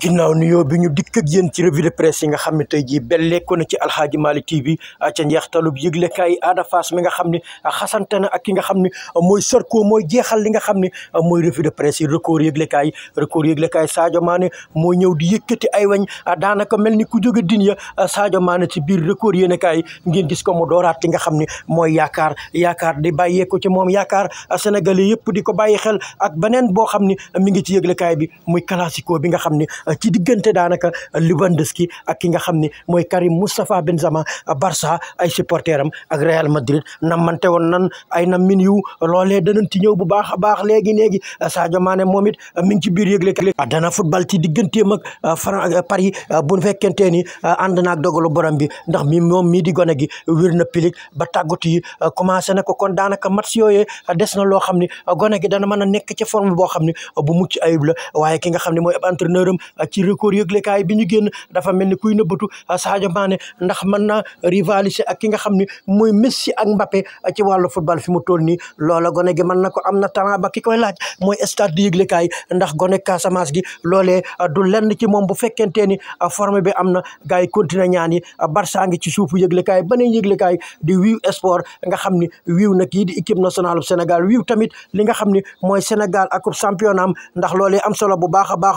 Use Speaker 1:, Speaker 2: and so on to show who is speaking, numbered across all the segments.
Speaker 1: ginnaaw nuyoo bi ñu dikk ak yéen ci revue de presse yi nga xam ne tey jii belleeku na ci Aladji Malick TV ca njeextalub yëglekaay Ada Fass mi nga xam ne xasante na ak ki nga xam ne mooy Sarko mooy jeexal li nga xam ne mooy revue de presse yi record yëglekaay record yëglekaay saajo Mané mooy ñëw di yëkkati ay weñ daanaka mel ni ku jóge din ya Sadio Mané ci biir record yéenekaay ngeen gis ko mu dooraat li nga xam ni mooy yaakaar yaakaar di bàyyeeko ci moom yaakaar sénégalais yëpp di ko bàyyi xel ak beneen boo xam ne mi ngi ci yëglekaay bi bi nga xam ne ci diggante daanaka Lewandowski ak ki nga xam ni mooy Karim Moustapha Benzema Barça ay supporter am ak Real Madrid nammante woon nan ay nam min yu loolee danañ ti ñëw bu baax a baax léegi léegi Sadio Mané moom it mi ngi ci biir yëgle dana football ci digganteem ak Fran Paris bu fekkente ni ànd naag dogalu borom bi ndax mi moom mii di gone gi wér na pilik ba tàggatu yi commencé na ko kon daanaka mat match yooyee des na loo xam ne gone gi dana mën a nekk ci forme boo xam ne bu mucc ayib la waaye ki nga xam ne mooy entraîneur am a ci record yëglekaay bi ñu génn dafa mel ni kuy nëbbatu Sadio Mané ndax man na rivaliser ak ki nga xam ne mooy Messi ak Mbappé ci wàllu football fi mu toll nii loola gone gi mën na ko am na talent ba ki koy laaj mooy stade di kaay ndax gone Casamance gi loolee du lenn ci moom bu fekkente ni forme bi am na gars yi continué ñaan yi Barça ngi ci suufu yëglekaay beneen yëglekaay di wiiw sport nga xam ni wiiw na kii di équipe nationale bu Sénégal wiiw tamit li nga xam ni mooy Sénégal ak championnat am ndax loolee solo bu baax a baax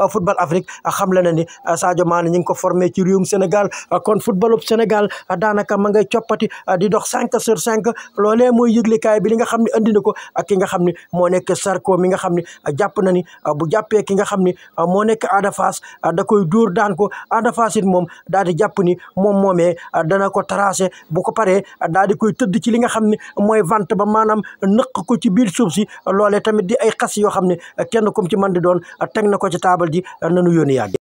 Speaker 1: Euh, football euh, xam xamle na ni euh, Sadio Mané ñu ngi ko formé ci réewum Sénégal kon footballu Sénégal daanaka ma ngay coppati di dox cinq sur cinq loole mooy yëglekaay bi li nga xam ne andi na ko ak ki nga xam ne moo nekk Sarko mi nga xam ne jàpp na ni bu jàppee ki nga xam ne moo nekk Ada Fass da koy dóor daan ko Ada moom daal di jàpp ni moom moomee dana ko tracé bu ko paree daal di koy tëdd ci li nga xam ne mooy vente ba maanaam nëkk ko ci biir suuf si loolee tamit di ay xas yoo xam ne kenn kum ci mën di doon teg na ko ci taal taabal ji nañu yónni yaat